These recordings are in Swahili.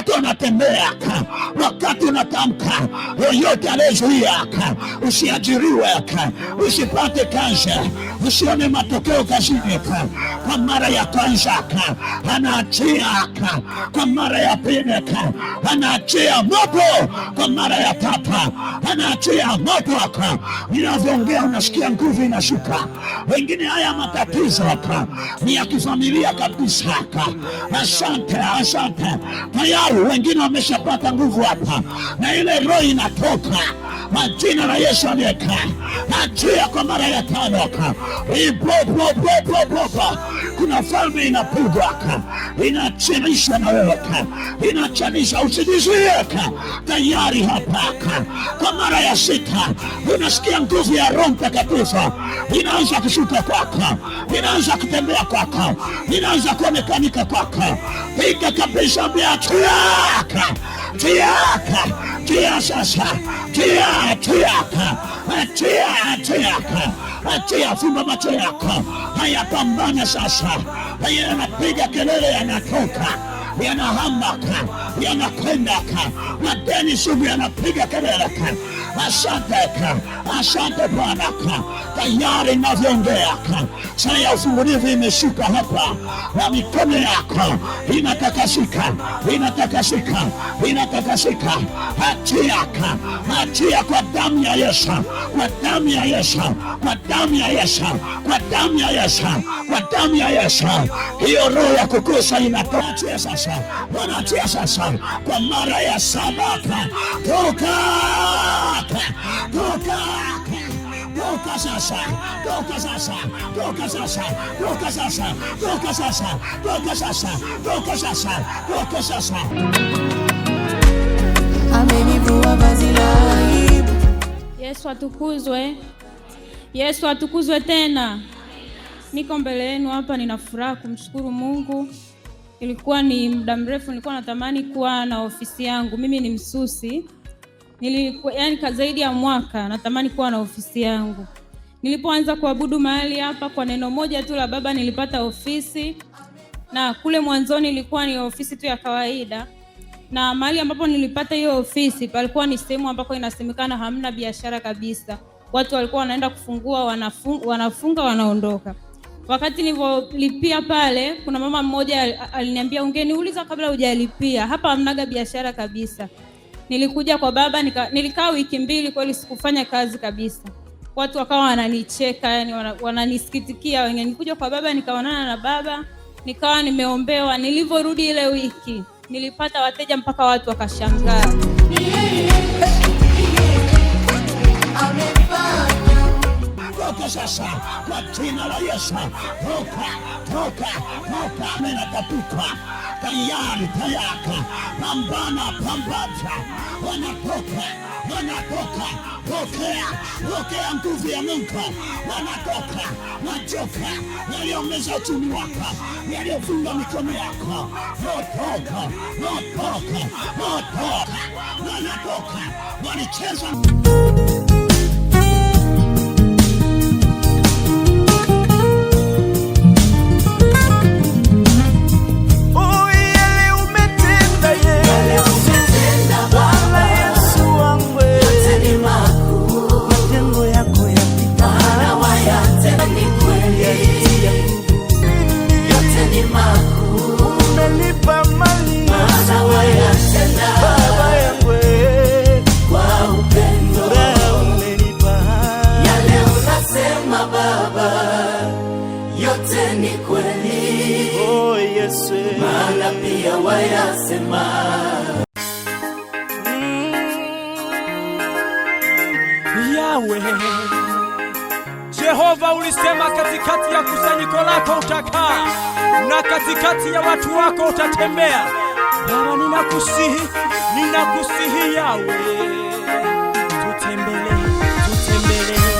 wakati unatembea, wakati unatamka, yoyote anayezuia usiajiriwe, usipate kazi, usione matokeo kazini, kwa mara ya kwanza anaachia, kwa mara ya pili anaachia moto, kwa mara ya tatu anaachia moto. Ninavyoongea unasikia nguvu inashuka. Wengine haya matatizo ni ya kifamilia kabisa. Asante, asante tayari tayari, wengine wameshapata nguvu hapa, na ile roho inatoka majina la Yesu aliyekaa achia kwa mara ya tano. Kuna falme inapigwa, inachilisha na wewe, inachanisha usijizuie, tayari hapa kwa mara ya sita. Unasikia nguvu ya Roho Mtakatifu inaanza kushuka kwako, inaanza kutembea kwako, inaanza kuonekanika kwako, piga kabisa, mbia achia tia sasa, tia tia, fumba macho yako, hayapambana sasa, yanapiga kelele, yanatoka, yanahamaka, yanakwendaka, madeni sugu yanapiga kelele Asante, asante Bwana, tayari inavyoongea saa ya ufungulivu imeshuka hapa, na mikono yako inatakasika, inatakasika, inatakasika. Hatia, hatia kwa damu ya Yesu, kwa damu ya Yesu, kwa damu ya Yesu, kwa damu ya Yesu, kwa damu ya Yesu, hiyo roho ya kukosa inaachia sasa, wanaachia sasa kwa mara ya saba. Toka, toka, Yesu atukuzwe. Yesu atukuzwe tena niko mbele yenu hapa, nina furaha kumshukuru Mungu. Ilikuwa ni muda mrefu nilikuwa natamani kuwa na ofisi yangu. Mimi ni msusi, nilikuwa yani zaidi ya mwaka natamani kuwa na ofisi yangu. Nilipoanza kuabudu mahali hapa, kwa neno moja tu la Baba nilipata ofisi, na kule mwanzoni ilikuwa ni ofisi tu ya kawaida na mahali ambapo nilipata hiyo ofisi palikuwa ni sehemu ambako inasemekana hamna biashara kabisa. Watu walikuwa wanaenda kufungua, wanafunga, wanafunga wanaondoka wakati nilivyolipia pale, kuna mama mmoja aliniambia ungeniuliza kabla hujalipia, hapa hamnaga biashara kabisa. Nilikuja kwa baba nika, nilikaa wiki mbili kweli sikufanya kazi kabisa, watu wakawa wananicheka, yani wananisikitikia wengine. Nilikuja kwa baba nikaonana na baba nikawa nimeombewa. Nilivyorudi ile wiki nilipata wateja mpaka watu wakashangaa. sasa kwa jina la Yesu, toka toka toka, tapuka tayari tayaka, pambana pambaja, wanatoka wanatoka, pokea pokea nguvu ya Mungu, wanatoka machoka yaliyomeza uchumi wako, yaliyofunga mikono yako, motoka motoka motoka, wanatoka walicheza Yawe Jehova, ulisema katikati ya kusanyiko lako utakaa na katikati ya watu wako utatembea. Baba, ninakusihi, ninakusihi Yawe, tutembelee, tutembelee.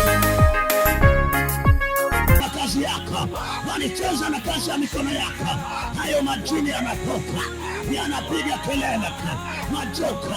Na kazi yako walicheza na kazi ya mikono yako, hayo majini yanatoka yanapiga kelele, majoka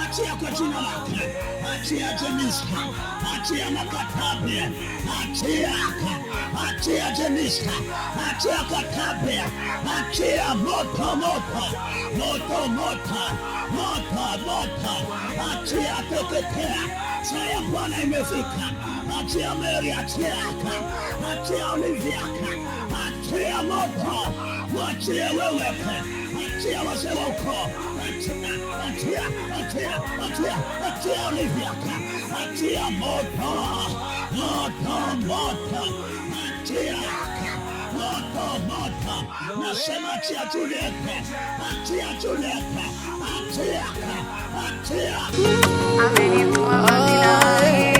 achia kwa jina lake, achia Jeniska, achia Makatabia, achia achia Jeniska, achia Katabia, achia moto moto moto moto moto moto, achia teketea. Saa ya Bwana imefika achia meli, achia yaka, achia olivi achia moto, mwachie wewe, achia wazee wako, achia, achia, achia, achia olivi achia moto, moto, moto, achia moto moto, nasema achia Julieta, achia Julieta, achia, achia. Ameniua Bwana.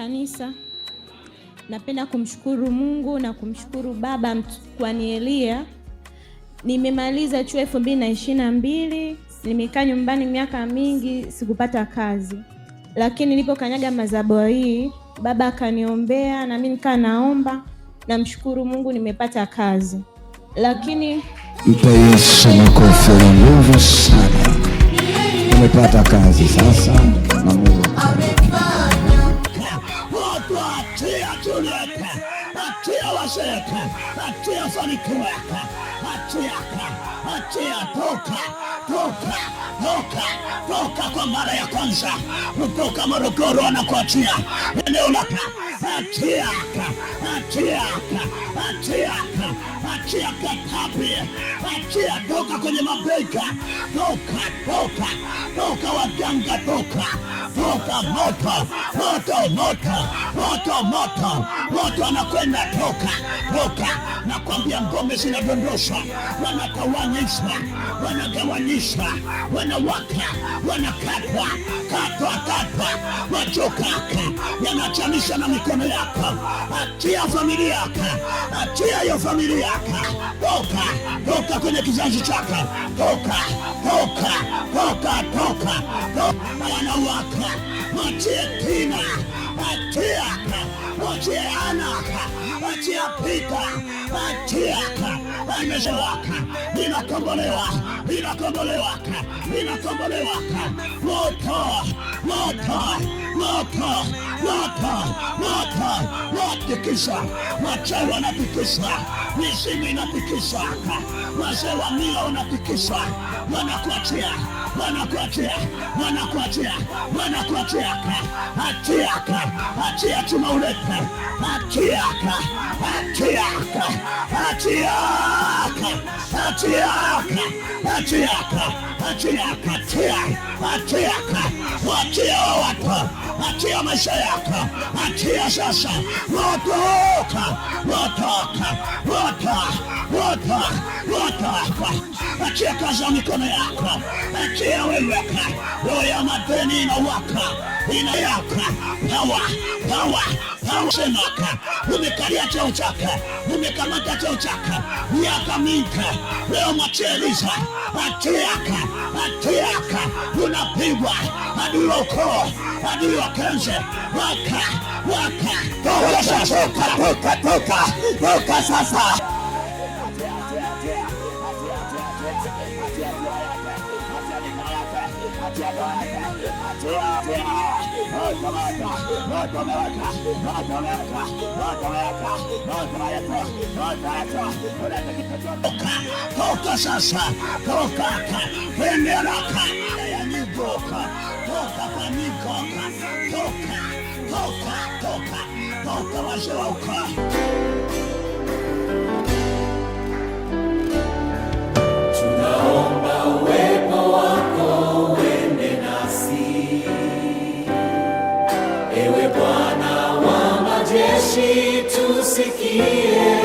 kanisa, napenda kumshukuru Mungu na kumshukuru Baba mtkuanielia. Nimemaliza chuo elfu mbili na ishirini na mbili. Nimekaa nyumbani miaka mingi, sikupata kazi, lakini nilipokanyaga mazabo hii Baba akaniombea na mimi nikaa naomba, namshukuru Mungu nimepata kazi, lakini mpe Yesu makofi ya nguvu sana. Umepata kazi sasa Mungu yako, hatu ya yako, hatu yako, toka, toka, toka, toka kwa mara ya kwanza kutoka Morogoro, anakuachia eneo lako, hatu yako, hatu yako, hatu yako, hatu ya katapi, hatu ya toka kwenye mabeka, toka, toka, toka wajanga, toka moto moto moto moto moto moto moto, anakwenda toka toka, na kwambia ngome zinadondoshwa, wanatawanyishwa, wanagawanyishwa, wanawaka, wanakatwa katwa katwa, machoka yake yanachanisha na mikono yako, achia familia yako, achia hiyo familia yako, toka toka kwenye kizazi chako, toka toka toka toka, wanawaka wachie Tina, wachie Ana, wachie Pita Tiaka imezowaka, inakombolewa, inakombolewa, inakombolewa. Moto, moto, moto, moto, moto, watikisa machawa, wanatikisa mizimu, inatikisa mazewa, mila unatikisa, wanakuachia, wanakuachia, wanakuachia, wanakuachia. Atiaka, atia tumaulete, atiaka, atiaka Achia watu, achia maisha yako, achia sasa. Motoka, motoka, motoka, motoka, motoka. Achia kazi ya mikono yako, achia weweka roho ya madeni inawaka, inayaka pawa, pawa hausemaka umekalia cheo chaka umekamata cheo chaka miaka minka leo macheriza atiaka atiaka unapigwa adui wa ukoo adui wa kenze waka waka toka sasa toka toka toka toka sasa Toka sasa, toka kwenda raka toka kwa toka, toka, toka, toka Ewe Bwana wa majeshi, tusikie